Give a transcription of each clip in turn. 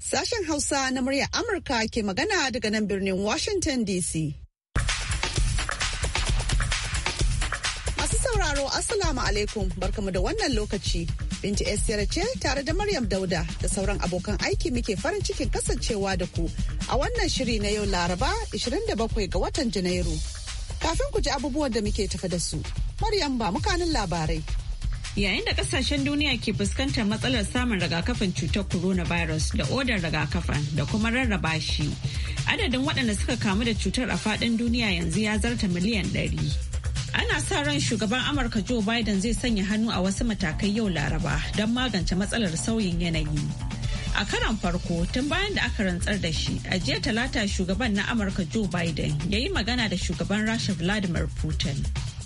Sashen Hausa na muryar Amurka ke magana daga nan birnin Washington DC. Masu sauraro Assalamu alaikum barkamu da wannan lokaci. Binta Esther ce tare da Maryam Dauda da sauran abokan aiki muke farin cikin kasancewa da ku a wannan shiri na yau Laraba 27 ga watan Janairu. Kafin ku ji abubuwan da muke tafi da su, Maryam ba mukanin labarai. Yayin da kasashen duniya ke fuskantar matsalar samun rigakafin cutar coronavirus da odar rigakafin da kuma rarraba shi, adadin waɗanda suka kamu da cutar a faɗin duniya yanzu ya zarta miliyan ɗari. Ana sa ran shugaban Amurka Joe Biden zai sanya hannu a wasu matakai yau Laraba don magance matsalar sauyin yanayi. A karan farko tun bayan da aka rantsar da shi a jiya talata shugaban na Amurka Joe Biden ya yi magana da shugaban Rasha Vladimir Putin.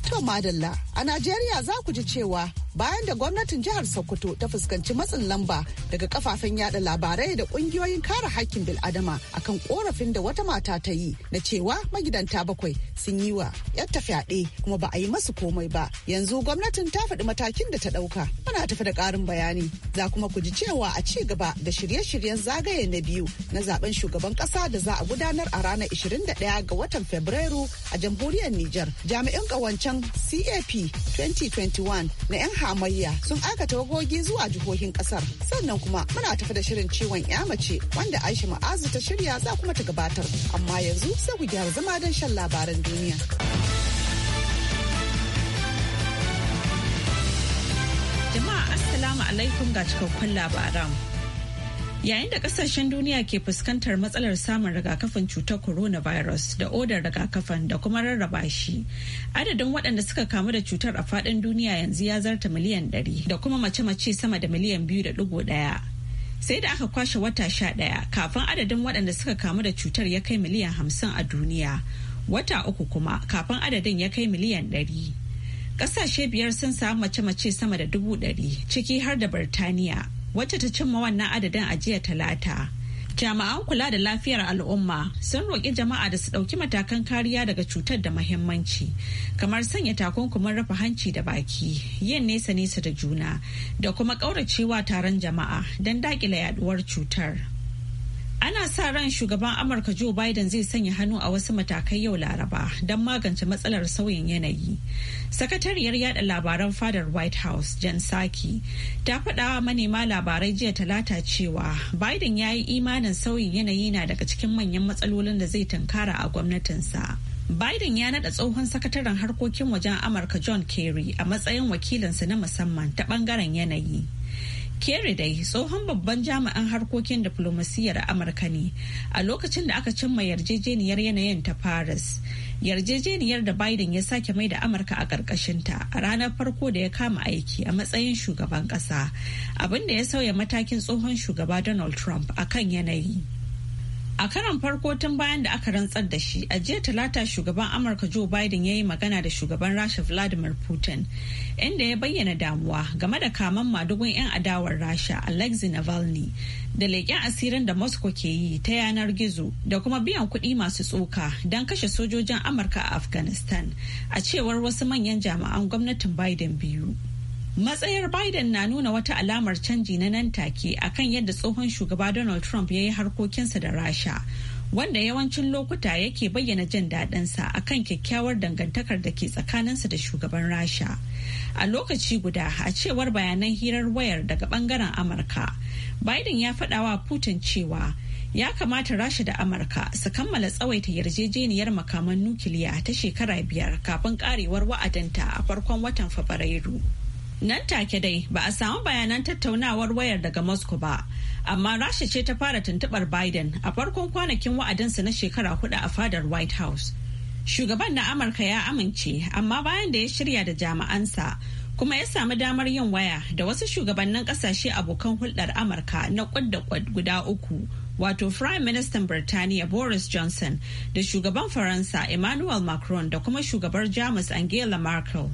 To madalla a Najeriya za ku ji cewa bayan da gwamnatin jihar Sokoto ta fuskanci matsin lamba daga kafafen yada labarai da kungiyoyin kare hakkin bil'adama akan korafin da wata mata ta yi na cewa magidanta bakwai sun yi wa yatta fyaɗe kuma ba a yi masu komai ba yanzu gwamnatin ta faɗi matakin da ta ɗauka muna tafi da ƙarin bayani za kuma ku ji cewa a ci gaba da shirye-shiryen zagaye na biyu na zaben shugaban ƙasa da za a gudanar a ranar 21 ga watan Fabrairu a jamhuriyar Nijar jami'in ƙawancen CAP 2021 na 'yan hamayya sun aikata tawagogi zuwa jihohin kasar sannan kuma muna tafi da shirin ciwon ya mace wanda aisha ma'azu ta shirya za kuma ta gabatar amma yanzu sai ku gyara zama don shan labaran duniya jama'a assalamu alaikum ga cikakkun labaran Yayin da kasashen duniya ke fuskantar matsalar samun rigakafin cutar coronavirus da odar rigakafin da kuma rarraba shi, adadin waɗanda suka kamu da cutar a faɗin duniya yanzu ya zarta miliyan 100 da kuma mace-mace sama da miliyan 2.1. Sai da aka kwashe wata sha ɗaya kafin adadin waɗanda suka kamu da cutar ya kai miliyan hamsin a duniya, wata uku kuma kafin adadin ya kai miliyan ɗari. Ƙasashe biyar sun samu mace-mace sama da dubu ɗari ciki har da Birtaniya wacce ta cimma wannan adadin a jiya talata jami'an kula da lafiyar al'umma sun roƙi jama'a da su ɗauki matakan kariya daga cutar da mahimmanci kamar sanya takunkumin rufe hanci da baki yin nesa nesa da juna da kuma ƙauracewa taron jama'a don daƙile yaduwar cutar. Ana sa ran shugaban Amurka Joe Biden zai sanya hannu a wasu matakai yau Laraba don magance matsalar sauyin yanayi. Sakatariyar yada labaran fadar White House, Jen Psaki, ta faɗawa manema labarai jiya talata cewa Biden ya yi imanin sauyin yanayi na daga cikin manyan matsalolin da zai tunkara a gwamnatinsa. Biden ya naɗa tsohon sakataren harkokin wajen Amurka John Kerry a matsayin wakilinsa na musamman ta ɓangaren yanayi. Kerry dai tsohon babban jami'an harkokin diflomasiyyar Amurka ne a lokacin da aka cimma yarjejeniyar yanayin ta Paris. Yarjejeniyar da Biden ya sake mai da Amurka a ƙarƙashinta a ranar farko da ya kama aiki a matsayin shugaban ƙasa, abinda ya sauya matakin tsohon shugaba Donald Trump a kan yanayi. A karan farko tun bayan da aka rantsar da shi, a jiya talata shugaban Amurka Joe Biden ya yi magana da shugaban Rasha Vladimir Putin, inda ya bayyana damuwa game da kaman madugun 'yan adawar Rasha Alexei Navalny da leƙen asirin da Moscow ke yi ta yanar gizo da kuma biyan kuɗi masu tsoka don kashe sojojin Amurka a Afghanistan, a cewar wasu manyan jami'an gwamnatin Biden biyu. Matsayar Biden na nuna wata alamar canji na nan take a kan yadda tsohon shugaba Donald Trump ya yi harkokinsa da Rasha, wanda yawancin lokuta yake bayyana jin daɗinsa a kan kyakkyawar dangantakar da ke tsakaninsa da shugaban Rasha. A lokaci guda a cewar bayanan hirar wayar daga bangaren Amurka, Biden ya faɗawa Putin cewa ya kamata Rasha da Amurka su kammala tsawaita yarjejeniyar makaman nukiliya ta shekara biyar kafin karewar wa'adinta a farkon watan Fabrairu. Nan take dai ba a samu bayanan tattaunawar wayar daga Moscow ba, amma Rasha ce ta fara tuntuɓar Biden a farkon kwanakin wa'adinsa na shekara hudu a fadar White House. Shugaban na Amurka ya amince, amma bayan da ya shirya da jami'ansa kuma ya samu damar yin waya da wasu shugabannin kasashe abokan hulɗar Amurka na kwad da kwad guda uku. wato Prime Minister Birtaniya Boris Johnson da shugaban Faransa Emmanuel Macron da kuma shugabar Jamus Angela Merkel.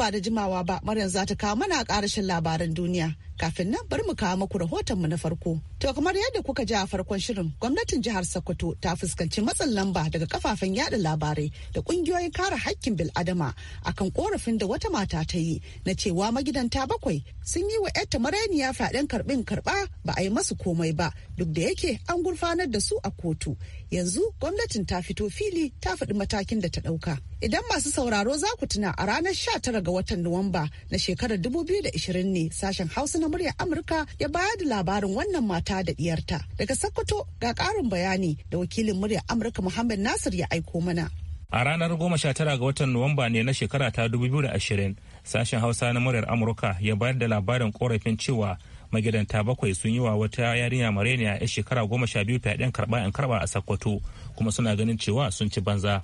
ba da jimawa ba Maryam za ta kawo mana a karashin labaran duniya kafin nan bari mu kawo muku mu na farko. To kamar yadda kuka ji a farkon shirin gwamnatin jihar Sokoto ta fuskanci matsin lamba daga kafafen yada labarai da kungiyoyin kare hakkin bil'adama akan korafin da wata mata ta yi na cewa magidanta bakwai sun yi wa 'yarta marainiya fyaɗen karɓin karɓa ba a yi masu komai ba duk da yake an gurfanar da su a kotu. Yanzu gwamnatin ta fito fili ta faɗi matakin da ta ɗauka. Idan masu sauraro za ku tuna a ranar 19 ga watan Nuwamba na shekarar 2020 ne sashen Hausa na muryar Amurka ya bayar da labarin wannan mata da diyarta. Daga Sokoto ga karin bayani da wakilin muryar Amurka Muhammad Nasir ya aiko mana. A ranar goma sha tara ga watan Nuwamba ne na shekara ta da ashirin sashen Hausa na muryar Amurka ya bayar da labarin korafin cewa magidanta bakwai sun yi wa wata yarinya mareniya ya shekara goma sha biyu fyaɗen karɓa in karɓa a Sokoto kuma suna ganin cewa sun ci banza.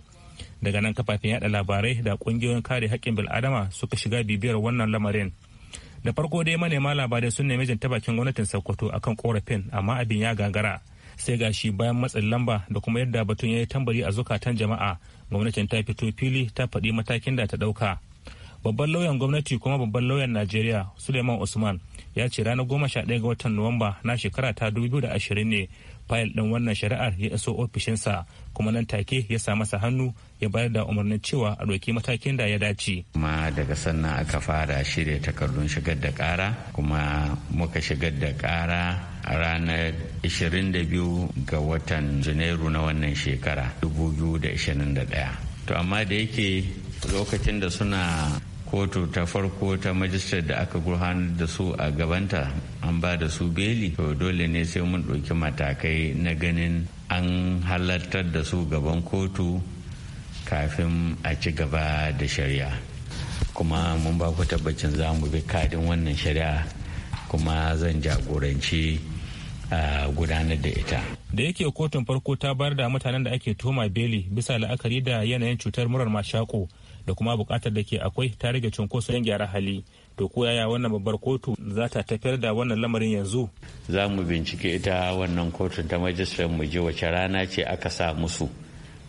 Daga nan kafafen yada labarai da kungiyoyin kare haƙƙin bil'adama suka shiga bibiyar wannan lamarin. da farko dai manema labarai sun nemi jin ta bakin gwamnatin sokoto akan korafin amma abin ya gagara sai gashi bayan matsin lamba da kuma yadda batun ya yi tambari a zukatan jama'a gwamnatin ta fito fili ta faɗi matakin da ta ɗauka babban lauyan gwamnati kuma babban lauyan najeriya suleiman usman ya ce ranar goma sha ɗaya ga watan nuwamba na shekara ta dubu da ashirin ne fayil ɗin wannan shari'ar ya iso ofishinsa kuma nan take ya sa masa hannu ya bayar da umarnin cewa a ɗauki matakin da ya dace. kuma daga sannan aka fara shirya takardun shigar da ƙara kuma muka shigar da ƙara a ranar 22 ga watan janairu na wannan shekara 2021 to amma da yake lokacin da suna kotu ta farko ta majistar da aka gurhanar da su a gabanta an ba da su beli to dole ne sai mun ɗauki matakai na ganin an halartar da su gaban kotu kafin a ci gaba da shari'a kuma mun ba ku tabbacin za mu bi kadin wannan shari'a kuma zan jagoranci a gudanar da ita da yake kotun farko ta bayar da mutanen da ake tuhuma beli bisa la'akari da yanayin cutar murar mashako da kuma bukatar da ke akwai ta rage cunkoson yan gyara hali to ko yaya wannan babbar kotu za ta tafiyar da wannan lamarin yanzu za mu bincike ita wannan kotun ta majistar mu je wace rana ce aka sa musu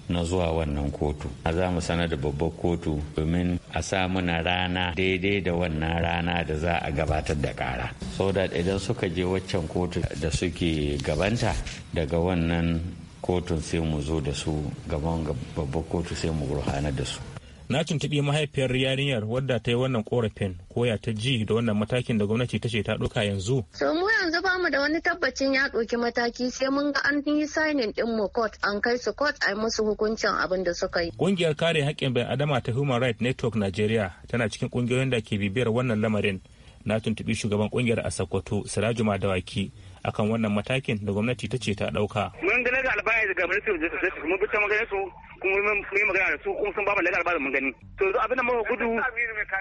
na zuwa wannan kotu a za mu sanar da babbar kotu domin a sa muna rana daidai da wannan rana da za a gabatar da kara so that idan suka je waccan kotu da suke gabanta daga wannan kotun sai mu zo da su gaban babbar kotu sai mu ruhanar da su na tuntuɓi mahaifiyar yarinyar wadda ta yi wannan korafin ya ta ji da wannan matakin da gwamnati ta ce ta ɗauka yanzu. so mu yanzu ba mu da wani tabbacin ya ɗauki mataki sai mun ga an yi sainin ɗin mu court an kai su court a yi musu hukuncin abin da suka yi. ƙungiyar kare haƙƙin bai adama ta human rights network nigeria tana cikin ƙungiyoyin da ke bibiyar wannan lamarin na tuntuɓi shugaban ƙungiyar a sokoto siraju madawaki. akan wannan matakin da gwamnati ta ce ta ɗauka. mun ganar da albaya daga ministry ta justice mun bi ta magana su kuma mun yi magana da su kuma sun ba mu lagar mun gani to yanzu abin da muka gudu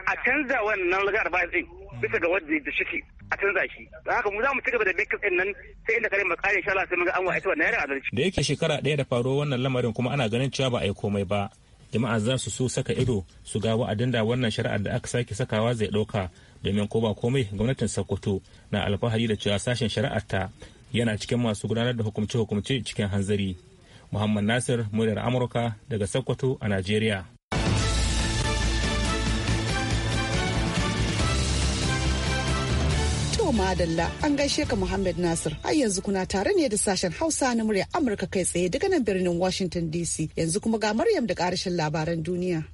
a canza wannan lagar ba din bisa ga wanda da shike a canza shi haka mu za mu ci gaba da bikin din nan sai inda kare mu kare insha Allah sai mun ga an wa wannan yara adalci da yake shekara ɗaya da faro wannan lamarin kuma ana ganin cewa ba a yi komai ba jama'a za su so saka ido su ga wa'adin da wannan shari'ar da aka sake sakawa zai ɗauka domin ko ba komai gwamnatin sokoto na alfahari da cewa sashen shari'ar ta yana cikin masu gudanar da hukumce-hukumce cikin hanzari Muhammad Nasir muryar Amurka daga Sokoto a Najeriya. madalla an gaishe ka Muhammad Nasir har yanzu kuna tare ne da sashen Hausa na murya Amurka kai tsaye daga nan birnin Washington DC yanzu kuma ga Maryam da karshen labaran duniya.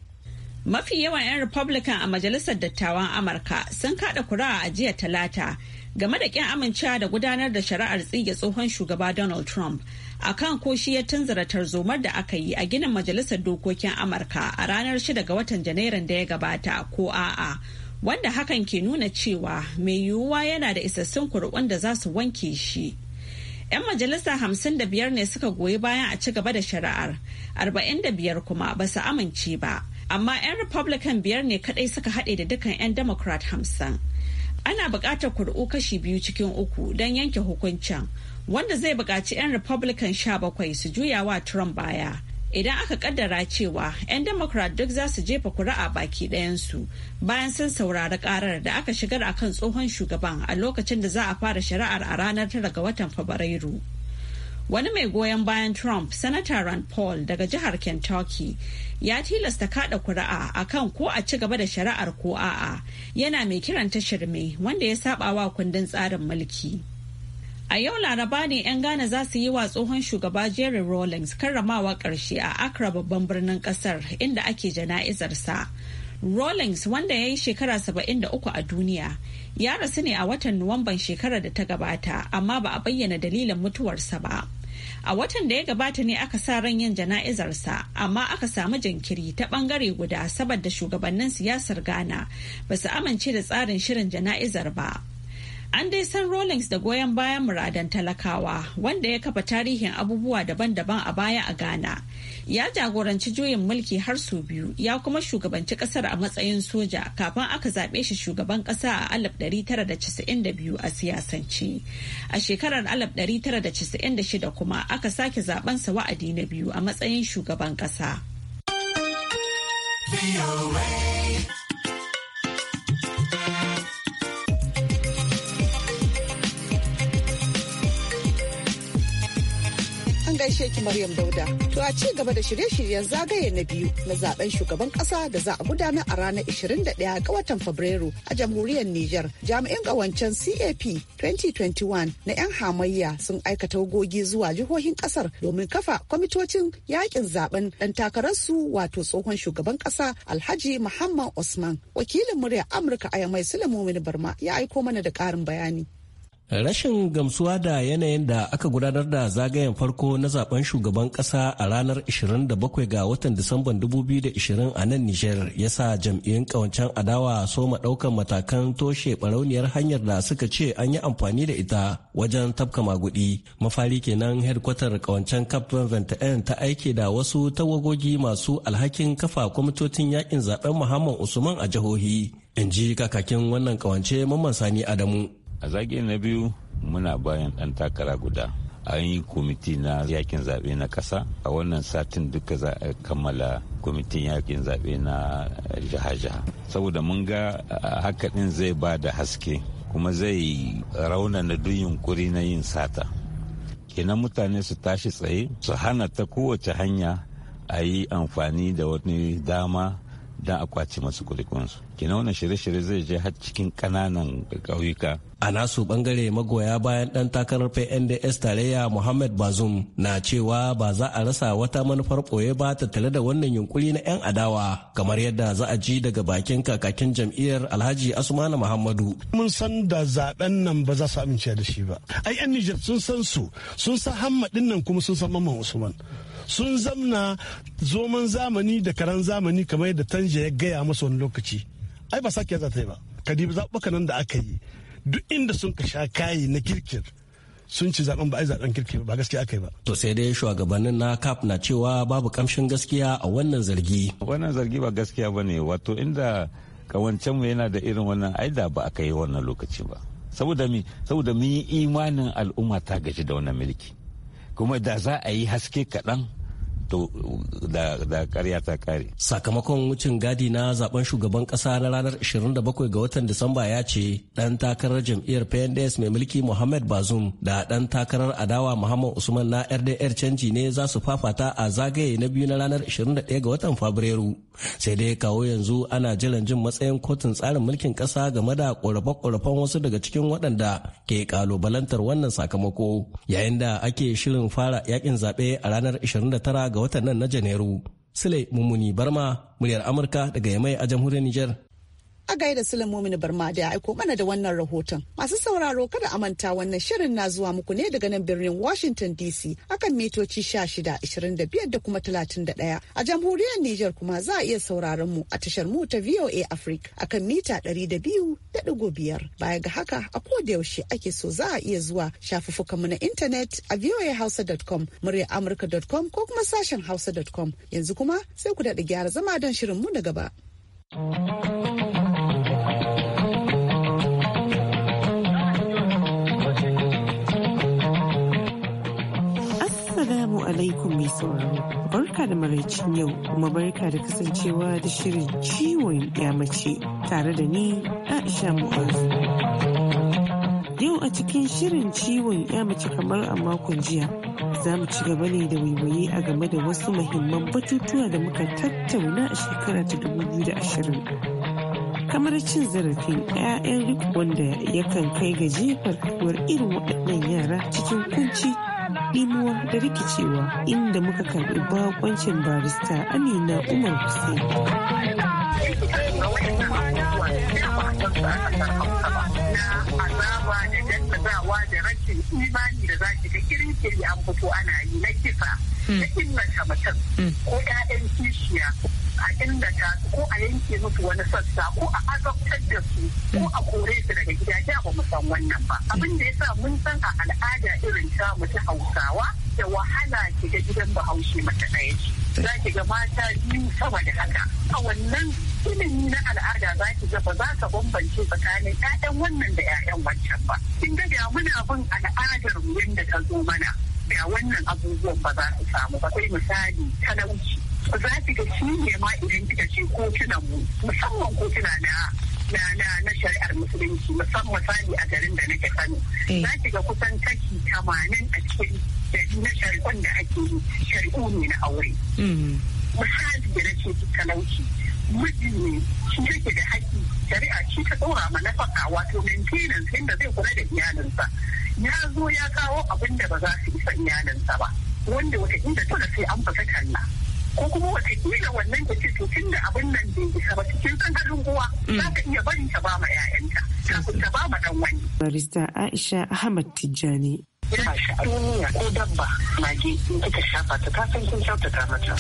Mafi yawan 'yan Republican a Majalisar Dattawan Amurka sun kada kura a jiya Talata game da kyan amincewa da gudanar da shari'ar tsige tsohon shugaba Donald Trump akan ko shi ya tunzura tarzomar da aka yi a ginin majalisar dokokin amurka a ranar 6 ga watan janairun da ya gabata ko a'a wanda hakan ke nuna cewa mai yiwuwa yana da isassun kuri'un da za su wanke shi 'yan majalisa hamsin da biyar ne suka goyi bayan a ci gaba da shari'ar arba'in da biyar kuma ba su amince ba amma 'yan republican biyar ne kadai suka haɗe da dukkan 'yan democrat hamsin ana buƙatar kuri'u kashi biyu cikin uku don yanke hukuncin wanda zai buƙaci 'yan republican 17 su juya wa trump baya idan aka kaddara cewa 'yan democrat duk za su jefa kuri'a baki ɗayansu bayan sun saurari karar da aka shigar akan tsohon shugaban a lokacin da za a fara shari'ar a ranar tara ga watan fabrairu wani mai goyon bayan trump Senator rand paul daga jihar kentucky ya tilasta kada kuri'a akan ko a ci gaba da shari'ar ko a'a yana mai kiranta shirme wanda ya saba wa kundin tsarin mulki A yau Laraba ne 'yan Ghana za su yi wa tsohon shugaba Jerry Rawlings karramawa ƙarshe a Accra babban birnin ƙasar inda ake jana'izarsa. Rawlings wanda ya yi shekara 73 a duniya ya rasu ne a watan Nuwamban shekarar da ta gabata amma ba a bayyana dalilin mutuwarsa ba. A watan da ya gabata ne aka sa ran yin jana'izarsa amma aka samu jinkiri ta bangare guda saboda shugabannin siyasar Ghana ba su amince da tsarin shirin jana'izar ba. An dai san Rawlings da goyon bayan muradan talakawa wanda ya kafa tarihin abubuwa daban-daban a baya a Ghana. Ya jagoranci juyin mulki har su biyu ya kuma shugabanci kasar a matsayin soja kafin aka zaɓe shi shugaban ƙasa a 1992 a siyasance. A shekarar 1996 kuma aka sake zaɓensa wa'adi na biyu a matsayin shugaban ƙasa. gaishe sheki Maryam Dauda. To a ci gaba da shirye-shiryen zagaye na biyu na zaben shugaban kasa da za a gudanar a ranar 21 ga watan Fabrairu a jamhuriyar Nijar. Jami'in kawancen CAP 2021 na 'yan hamayya sun aikata gogi zuwa jihohin kasar domin kafa kwamitocin yakin zaben dan takararsu wato tsohon shugaban kasa Alhaji Muhammad usman Wakilin muryar Amurka a Yamai Sulaimu Barma ya aiko mana da karin bayani. Rashin gamsuwa da yanayin da aka gudanar da zagayen farko na zaben shugaban kasa a ranar 27 ga watan Disamban 2020 a nan niger ya sa jam'iyyun kawancen adawa soma ɗaukan matakan toshe barauniyar hanyar da suka ce an yi amfani da ita wajen tafka magudi. Mafari kenan hedkwatar kawancen CAP 21 ta aike da wasu tawagogi masu alhakin kafa kwamitocin yakin zaben Muhammad Usman a jihohi. In ji kakakin wannan kawance Mamman Sani Adamu. a zage na biyu muna bayan ɗan takara guda an yi kwamiti na yakin zaɓe na ƙasa a wannan satin duka za a kammala kwamitin yakin zaɓe na jaha-jaha. saboda mun ga haka ɗin zai ba da haske kuma zai rauna na duk yunkuri na yin sata kenan mutane su tashi tsaye su hana ta kowace hanya a yi amfani da wani dama da a kwace masu kurikunsu kina wannan shirye-shirye zai je har cikin kananan ƙauyuka a nasu bangare magoya bayan dan takarar pnds tarayya muhammad bazum na cewa ba za a rasa wata manufar koye ba ta tare da wannan yunkuri na 'yan adawa kamar yadda za a ji daga bakin kakakin jam'iyyar alhaji asmana muhammadu mun san da zaben nan ba za su amince da shi ba ai 'yan nijar sun san su sun san hammadin nan kuma sun san mamman usman sun zamna zoman zamani da karan zamani kamar yadda tanja ya gaya masa wani lokaci ai ba sake za ta yi ba kadibu zaɓuka nan da aka yi duk inda sun ka sha kayi na kirkir sun ci zaben ba a yi zaben kirki ba gaskiya aka yi ba. To sai dai shugabannin na CAP na cewa babu kamshin gaskiya a wannan zargi. Wannan zargi ba gaskiya ba ne wato inda kawancenmu yana da irin wannan aida ba aka yi wannan lokaci ba. Saboda mi saboda mun yi imanin al'umma ta gaji da wannan mulki. Kuma da za a yi haske kaɗan to da karya ta kare. Sakamakon wucin gadi na zaben shugaban kasa na ranar 27 ga watan Disamba ya ce dan takarar jam'iyyar PNDS mai mulki Muhammad Bazoum da dan takarar adawa Muhammad Usman na RDR canji ne za su fafata a zagaye na biyu na ranar 21 ga watan Fabrairu. Sai dai kawo yanzu ana jiran jin matsayin kotun tsarin mulkin kasa game da korafe-korafen wasu daga cikin waɗanda ke kalubalantar wannan sakamako yayin da ake shirin fara yakin zaɓe a ranar 29 ga watan nan na Janairu. Sule Mummuni Barma, muryar Amurka daga Yamai a jamhuriyar Nijar. a gaida Sulaimu Barma da ya aiko mana da wannan rahoton. Masu sauraro kada a manta wannan shirin na zuwa muku ne daga nan birnin Washington DC akan mitoci 16-25 da kuma talatin da ɗaya A jamhuriyar Nijar kuma za a iya sauraron mu a tashar mu ta VOA Africa akan mita ɗari da biyu 200.5. Baya ga haka a ko da yaushe ake so za a iya zuwa shafuffukan mu na intanet a voahausa.com, muryar ko kuma sashen hausa.com. Yanzu kuma sai ku daɗa gyara zama don shirin mu na gaba. alaikum mai sauraro. Barka da maraicin yau kuma barka da kasancewa da shirin ciwon yamace tare da ni a Mu'azu. Yau a cikin shirin ciwon ya mace kamar a makon jiya za mu ci gaba ne da waiwaye a game da wasu mahimman batutuwa da muka tattauna a shekara ta da 2020. kamar cin zarafin 'ya'yan wanda yakan kai ga jefar irin waɗannan yara cikin kunci ɗimuwa da rikicewa inda muka karɓi bakoncin barista amina umar hussein azaba da jaddadawa da rashin imani da za ki ga kirkiri an fito ana yi na kisa na kimmata mutum ko 'ya'yan kishiya a illata su ko a yanke musu wani sassa ko a azabtar da su ko a kore su daga gida ya ba mu san wannan ba abin da ya sa mun san a al'ada irin ta mu ta Hausawa da wahala ki ga gidan Bahaushe mata ɗaya ce za ki ga mata biyu sama da haka a wannan ilimi na al'ada za ki ga ba za ka bambance tsakanin 'ya'yan wannan da 'ya'yan wancan ba kin ga da muna bin al'adar mu yadda ta zo mana da wannan abubuwan ba za su samu ba sai misali talauci za ki ga shi ne ma idan kika ce kotunan mu musamman kotuna na na na na shari'ar musulunci musamman sani a garin da nake sani. Eh. za ki ga kusan taki tamanin a cikin dari na shari'un da ake yi shari'u ne na aure mm. misali da nake ki talauci miji ne shi yake da haƙƙi shari'a shi ta ɗora ma nafaka wato maintenance inda zai kula da iyalinsa ya zo ya kawo abin da ba za su isa iyalinsa ba wanda wata inda dole sai an fita kalla ko kuma watakila wannan ta ce to tun da abin nan bai isa ba cikin san halin uwa mm. za ta iya barin ta ba ma 'ya'yanta kafin ta ba ma dan wani. Barista Aisha Ahmad Tijjani ina a duniya ko dabba mage in kika shafa ta ta san kin kyautata mata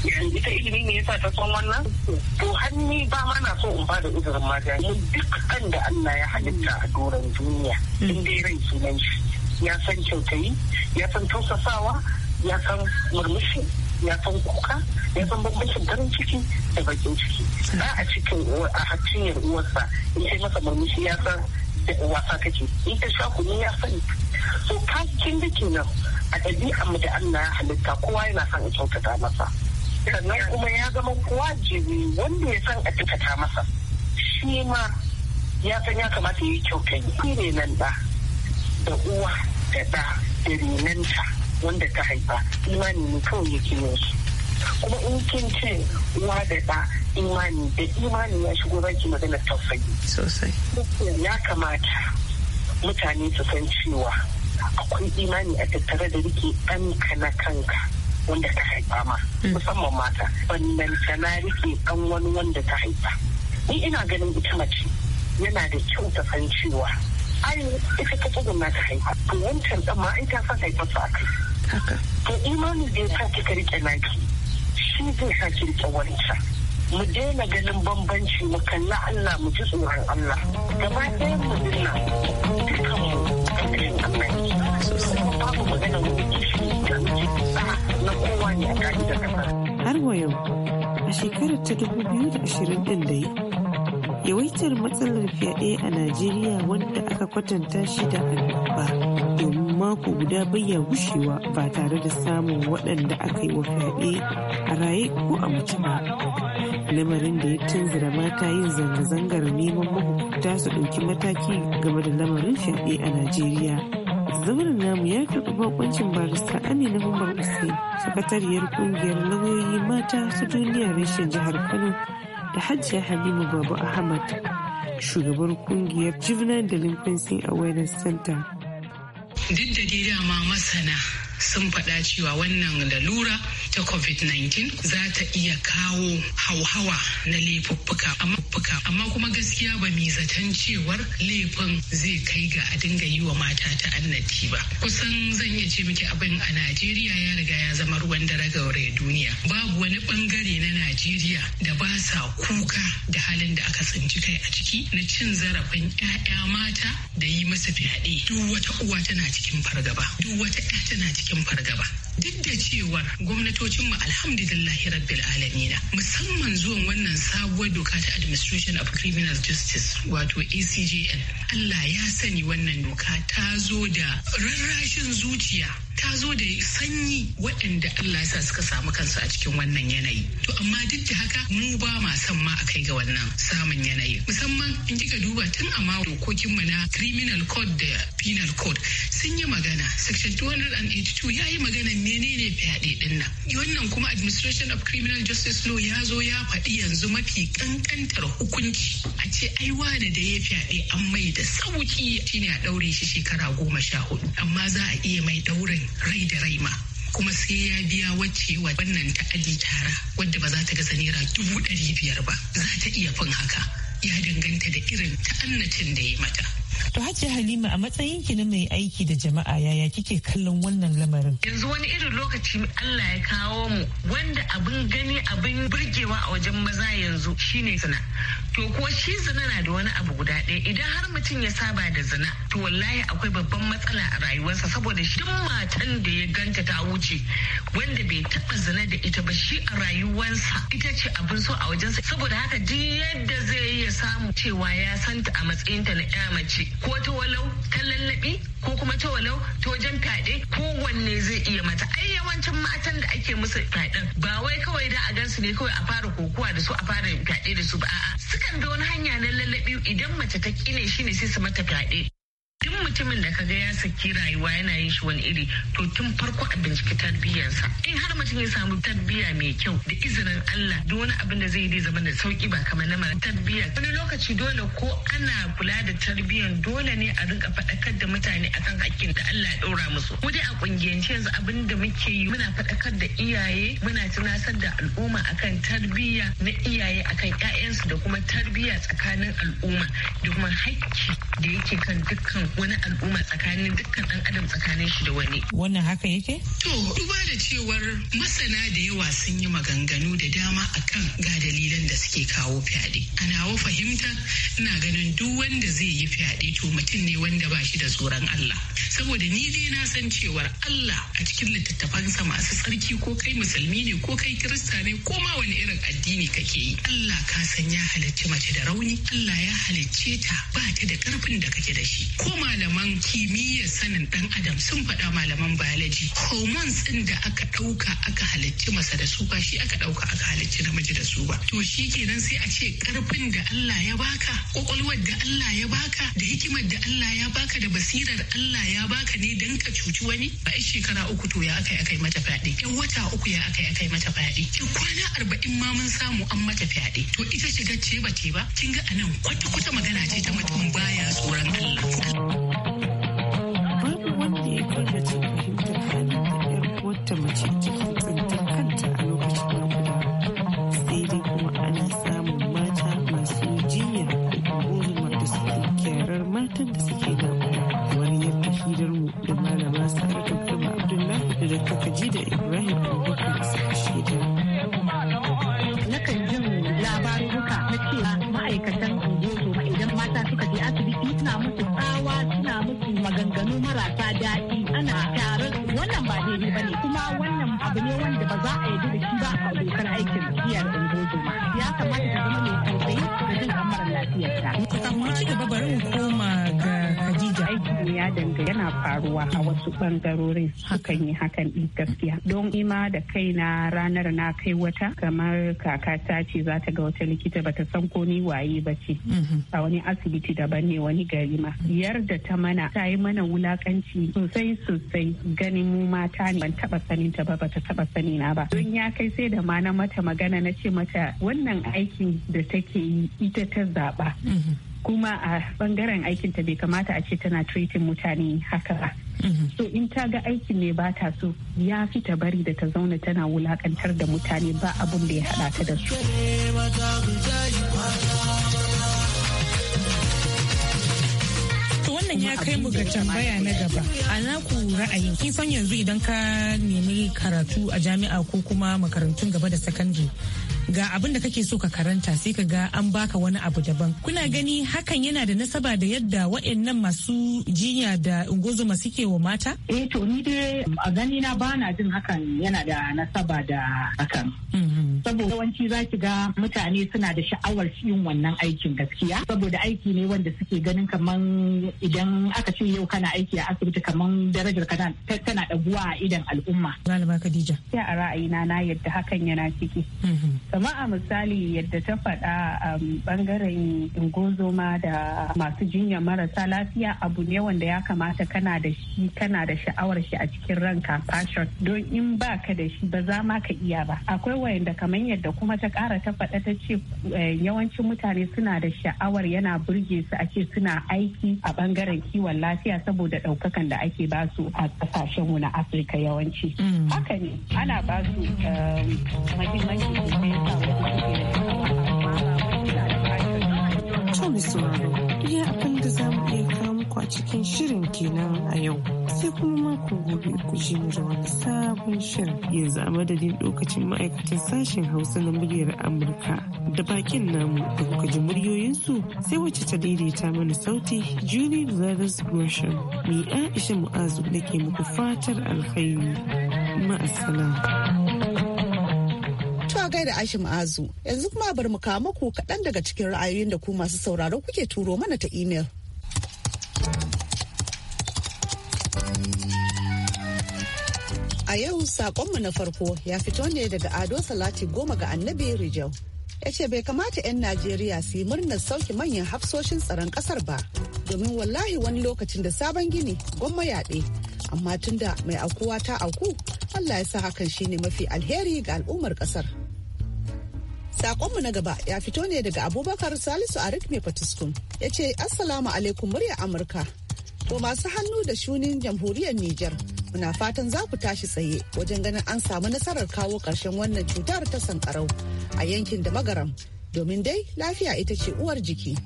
yanzu ita ilimi ne sa ta san wannan to har ni ba ma na so in bada uzurin mata mu duk kan da Allah ya halitta a doron duniya mm. in dai rai sunan shi ya san kyautayi ya san tausasawa ya san murmushi ya san kuka ya san bambancin garin ciki da bakin ciki ba a cikin a hacciyar uwarsa in sai masa murmushi ya san wasa kake in ta sha kunu ya sani so kakin da nan. a ɗabi'a mu da Allah ya halitta kowa yana san a kyautata masa sannan kuma ya zama jiri wanda ya san a kyautata masa shi ma ya san ya kamata ya yi kyautai shi ne nan da da uwa da da da renanta wanda ta haifa imani ne kawai yake yin kuma in kin ce uwa da ɗa imani da imani ya shigo baki magana tausayi sosai ya kamata mutane su san cewa akwai imani a tattare da rike an na kanka wanda ta haifa ma hmm. musamman mata wannan sana rike ɗan wani wanda ta haifa ni ina ganin ita mace yana da kyau ta san cewa ai ita ta tsogon na ta haifa to wancan ɗan ma ai ta san haifarsa a kai haka to imani da ya sa kika rike naki shi zai sa ki rike wancan mu daina ganin bambanci mu kalla Allah mu ji tsoron Allah gaba ɗaya mu dinna Har wa a shekarar ta dubu biyu da ashirin ɗin da yawaitar matsalar fyaɗe a Najeriya wanda aka kwatanta shi da annoba. mako guda bayya gushewa ba tare da samun waɗanda aka yi wa fyaɗe a raye ko a mace ba lamarin da ya tunzura mata yin zanga-zangar neman mahukunta su ɗauki mataki game da lamarin fyaɗe a najeriya zauren namu ya karɓi bakoncin barista amina umar hussein sakatariyar ƙungiyar lauyoyi mata ta duniya reshen jihar kano da hajjiya halima babu ahmad shugabar kungiyar juvenile a awareness center duk da dai dama masana sun faɗa cewa wannan lalura ta covid-19 za ta iya kawo hauhawa na laifuffuka amma kuma gaskiya ba mai zaton cewar laifin zai kai ga a dinga yi wa mata annati ba kusan zan iya ce miki abin a najeriya ya riga ya zama ruwan dare gaure duniya babu wani bangare na najeriya da ba sa kuka da halin da aka tsinci kai a ciki na cin zarafin 'ya'ya mata da yi masa fyaɗe duk wata uwa tana cikin fargaba duk wata 'ya tana cikin cikin fargaba duk da cewar gwamnatocin mu alhamdulillahi rabbil alamina musamman zuwan wannan sabuwar doka ta administration of criminal justice wato acjn e allah ya sani wannan doka ta zo da rarrashin zuciya ta zo da sanyi waɗanda Allah sa suka samu kansu a cikin wannan yanayi to amma duk da haka mu ba ma son ma a kai ga wannan samun yanayi musamman in kika duba tun a ma dokokin mu na criminal code da penal code sun yi magana section 282 ya yi magana menene fyaɗe ɗin nan wannan kuma administration of criminal justice law ya zo ya faɗi yanzu mafi kankantar hukunci a ce ai wani da ya fyaɗe an mai da sauki shine a ɗaure shi shekara goma sha hudu amma za a iya mai ɗaurin rai da rai ma kuma sai ya biya wacce wannan ta ta'adi tara wadda ba za ta ga naira dubu ɗari biyar ba za ta iya fin haka ya danganta da irin ta'annacin da ya mata. To Hajji Halima a matsayin ki na mai aiki da jama'a yaya kike kallon wannan lamarin? Yanzu wani irin lokaci Allah ya kawo mu wanda abin gani abin burgewa a wajen maza yanzu shine sana. to ko shi zina na da wani abu guda ɗaya idan har mutum ya saba da zina to wallahi akwai babban matsala a rayuwarsa saboda shi matan da ya ganta ta wuce wanda bai taɓa zina da ita ba shi a rayuwarsa ita ce abin so a wajensa saboda haka duk yadda zai iya ya samu cewa ya santa a matsayin ta na ya mace ko ta walau ta lallabi ko kuma ta walau ta wajen fyaɗe Ko wanne zai iya mata ai yawancin matan da ake musu fyaɗen ba wai kawai da a gansu ne kawai a fara kokuwa da su a fara fyaɗe da su ba a'a sukan bi wani hanya na lallabi idan mace ta kine ne sai su mata fyaɗe mutumin da ka ga ya saki rayuwa yana yin shi wani iri to tun farko a binciki tarbiyyarsa in har mutum ya samu tarbiyya mai kyau da izinin Allah duk wani abin da zai yi zama da sauki ba kamar na mara tarbiyya wani lokaci dole ko ana kula da tarbiyyar dole ne a rinka faɗakar da mutane akan hakkin da Allah ya ɗora musu ko dai a kungiyance yanzu abin da muke yi muna faɗakar da iyaye muna tunasar da al'umma akan tarbiyya na iyaye akan ƴaƴansu da kuma tarbiyya tsakanin al'umma da kuma hakki da yake kan dukkan wani al'umma tsakanin dukkan ɗan adam tsakanin shi da wani. Wannan haka yake? To, duba da cewar masana da yawa sun yi maganganu da dama akan ga dalilan da suke kawo fyaɗe. A nawa fahimta ina ganin duk wanda zai yi fyaɗe to mutum ne wanda ba shi da tsoron Allah. Saboda ni dai na san cewar Allah a cikin littattafansa masu tsarki ko kai musulmi ne ko kai kirista ne ko ma wani irin addini kake yi. Allah ka san ya halicci mace da rauni, Allah ya halicce ta ba ta da karfin da kake da shi. Ko malam malaman kimiyyar sanin dan adam sun faɗa malaman biology hormones ɗin da aka ɗauka aka halicci masa da su ba shi aka ɗauka aka halicci namiji da su ba to shi kenan sai a ce karfin da Allah ya baka kwakwalwar da Allah ya baka da hikimar da Allah ya baka da basirar Allah ya baka ne dan ka cuci wani ba shekara uku to ya aka kai mata fyaɗe yan wata uku ya aka kai mata fyaɗe kin kwana arba'in ma mun samu an mata fyaɗe to ita shiga ce ba ce ba kin ga anan kwata kwata magana ce ta mutum baya tsoron Allah babu wanda ya karkace fahimtar halin da 'yar uwarta mace take bangarorin hakan yi hakan din gaskiya don ima da kaina ranar na kai wata kamar kakata ce za ta ga wata likita bata san ko ni waye ba ce mm-hmm. a wani asibiti daban ne wani gari ma da ta mana ta yi mana wulakanci sosai sosai ganin mu mata ne ban taba sanin ta ba bata taba sani na ba don ya kai sai da ma na mata magana na ce mata wannan aikin da take yi ita ta zaba mm-hmm. kuma a bangaren aikinta bai kamata a ce tana treating mutane haka ba so in ta ga aikin ne ba ta so ya fi ta bari da ta zauna tana wulakantar da mutane ba abun da ya haɗa ta da su wannan ya kai mu ga tambaya na gaba a naku ra'ayin kin san yanzu idan ka nemi karatu a jami'a ko kuma makarantun gaba da sakandare ga abin da kake so ka karanta sai ka ga an baka wani abu daban kuna gani hakan yana da nasaba da yadda waɗannan masu jinya da ungozoma suke wa mata eh to ni dai a gani na bana jin hakan yana da nasaba da hakan mm-hmm. saboda yawanci za ki ga mutane suna da sha'awar yin wannan aikin gaskiya saboda aiki ne wanda suke ganin kaman idan aka ce yau kana aiki a asibiti kamar darajar kana tana ɗaguwa a idan al'umma. Malama Khadija. Ya a ra'ayina na yadda hakan yana ciki. Mm-hmm. a misali yadda ta faɗa a um, bangaren ingozoma da masu jinya marasa lafiya abu ne wanda ya kamata kana da shi kana da sha'awar shi a cikin ranka passion don in ba ka da shi ba za ma ka iya ba akwai wayanda kamar yadda kuma ta ƙara ta faɗa ta ce eh, yawancin mutane suna da sha'awar yana burge su a ce suna aiki a bangaren kiwon lafiya saboda ɗaukakan da ake ba su a mu na afirka yawanci mm. haka ne ana ba su um, mahimmanci sauraro iya abin da iya kawo muku a cikin shirin kenan a yau sai kuma mako gobe ku ji mu da wani sabon shirin yanzu a madadin lokacin ma'aikatan sashen hausa na muryar amurka da bakin namu da kuka ji muryoyinsu sai wacce ta daidaita mana sauti julie brothers version. mai aisha mu'azu da ke muku fatar alkhairi ma'asala. gaida Ashim Azu. Yanzu kuma bari mu kawo muku kaɗan daga cikin ra'ayoyin da ku masu sauraro kuke turo mana ta imel. A yau saƙonmu na farko ya fito ne daga Ado Salati goma ga Annabi Rijau. ya ce bai kamata 'yan najeriya su yi murnar sauke manyan hafsoshin tsaron ƙasar ba domin wallahi wani lokacin da sabon gini gwamma yaɗe amma tunda mai aukuwa ta auku allah ya sa hakan shine mafi alheri ga al'ummar ƙasar Sakonmu na gaba ya fito ne daga Abubakar Salisu a rikme Fatiskun. Ya ce, Assalamu alaikum murya Amurka. To masu hannu da shunin jamhuriyar Nijar. Muna fatan za ku tashi tsaye wajen ganin an samu nasarar kawo ƙarshen wannan cutar ta sankarau a yankin da magaram. Domin dai lafiya ita ce uwar jiki.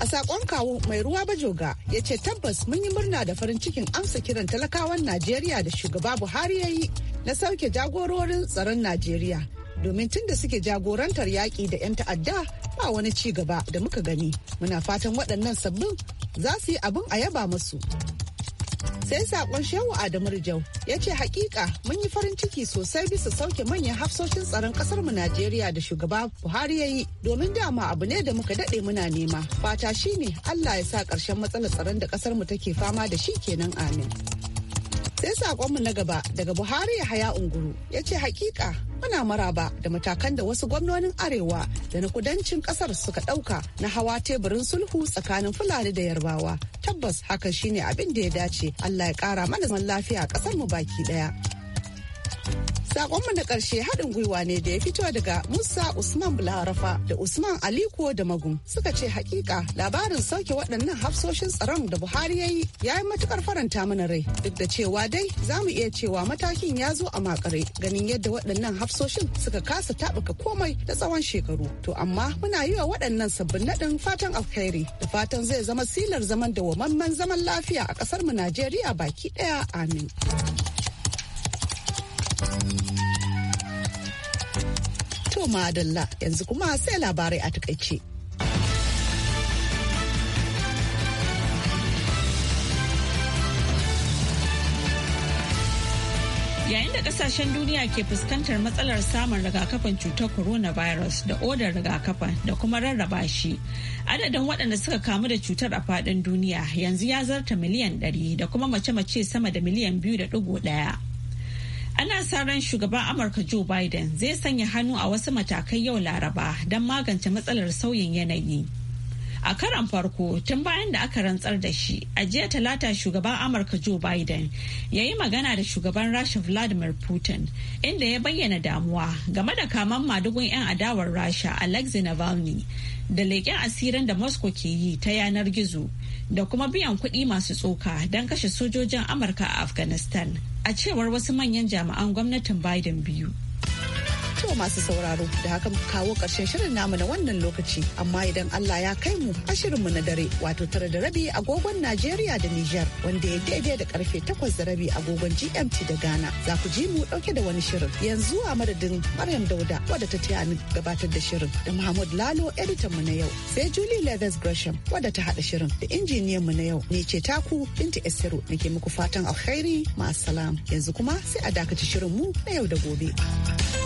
A sakon kawo mai ruwa bajoga ya ce tabbas mun yi murna da farin cikin amsa kiran talakawan Najeriya da shugaba Buhari ya yi na sauke jagororin tsaron Najeriya. domin tun da suke jagorantar yaƙi da 'yan ta'adda ba wani ci gaba da muka gani muna fatan waɗannan sabbin za su yi abin a yaba musu sai saƙon shehu adamu rijau ya ce haƙiƙa mun yi farin ciki sosai bisa sauke manyan hafsoshin tsaron ƙasar mu najeriya da shugaba buhari ya yi domin dama abu ne da muka daɗe muna nema fata shi ne allah ya sa ƙarshen matsalar tsaron da ƙasarmu mu take fama da shi kenan amin sai sakonmu na gaba daga buhari ya haya unguru ya ce hakika muna maraba da matakan da wasu gwamnonin arewa da na kudancin kasar suka dauka na hawa teburin sulhu tsakanin fulani da yarbawa tabbas haka shine abin da ya dace allah ya kara mana zaman lafiya a kasar mu baki daya Sakonmu na ƙarshe haɗin gwiwa ne da ya fito daga Musa Usman Bularafa da Usman Aliko da Magun suka ce hakika labarin sauke waɗannan hafsoshin tsaron da Buhari ya yi ya yi matukar faranta mana rai duk da cewa dai za mu iya cewa matakin ya zo a makare ganin yadda waɗannan hafsoshin suka kasa taɓuka komai da tsawon shekaru. To amma muna yi wa waɗannan sabbin naɗin fatan alkhairi da fatan zai zama silar zaman da zaman lafiya a mu Najeriya baki ɗaya amin. To madalla yanzu kuma sai labarai a takaice. Yayin da kasashen duniya ke fuskantar matsalar samun rigakafin cutar coronavirus da odar rigakafin da kuma rarraba shi, adadin waɗanda suka kamu da cutar a faɗin duniya yanzu ya zarta miliyan 100 da kuma mace-mace sama da miliyan 2.1. Ana sa ran shugaban Amurka Joe Biden zai sanya hannu a wasu matakai yau Laraba don magance matsalar sauyin yanayi. A karan farko tun bayan da aka rantsar da shi, a jiya talata shugaban Amurka Joe Biden ya yi magana da shugaban Rasha Vladimir Putin inda ya bayyana damuwa game da kaman madugun 'yan adawar Rasha Alexei Navalny da leƙen asirin da Moscow ke yi ta yanar gizo da kuma biyan kuɗi masu tsoka don kashe sojojin Amurka a Afghanistan a cewar wasu manyan jami'an gwamnatin Biden biyu. To masu sauraro da haka kawo ƙarshen shirin namu na wannan lokaci amma idan Allah ya kai mu a shirinmu na dare wato tara da rabi agogon Najeriya da Nijar wanda ya daidai da karfe takwas da rabi agogon GMT da Ghana za ku ji mu ɗauke da wani shirin yanzu a madadin Maryam Dauda wadda ta taya ni gabatar da shirin da Muhammad Lalo editan mu na yau sai Julie Leathers Gresham wadda ta haɗa shirin da injiniyan mu na yau ne ce taku Binta Esiru nake muku fatan alkhairi ma'assalam yanzu kuma sai a dakaci shirin mu na yau da gobe.